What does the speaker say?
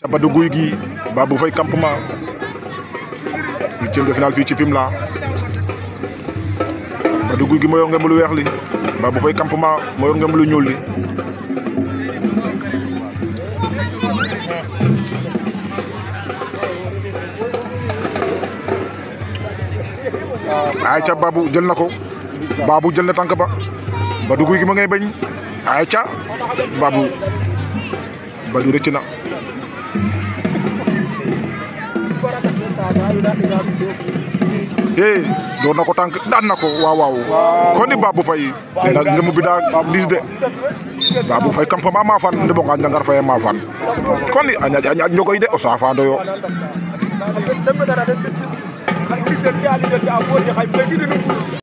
cabadu guy guy gi moo yor ngeen lu weex li Babou lu ñuul li ayca jël na ko Babou jël na tànk ba Badou Gouy Gui ma ngay bañ ayca Babou bal bi rëcc na hey dona na ko tànk daan na wa wa waaw kon ni Babou Faye ne na bi daa dis de fay kam campement ma fan bo bonga jangar fay ma fan kon ni anya ñaaj a ñaaj njogoy de o yo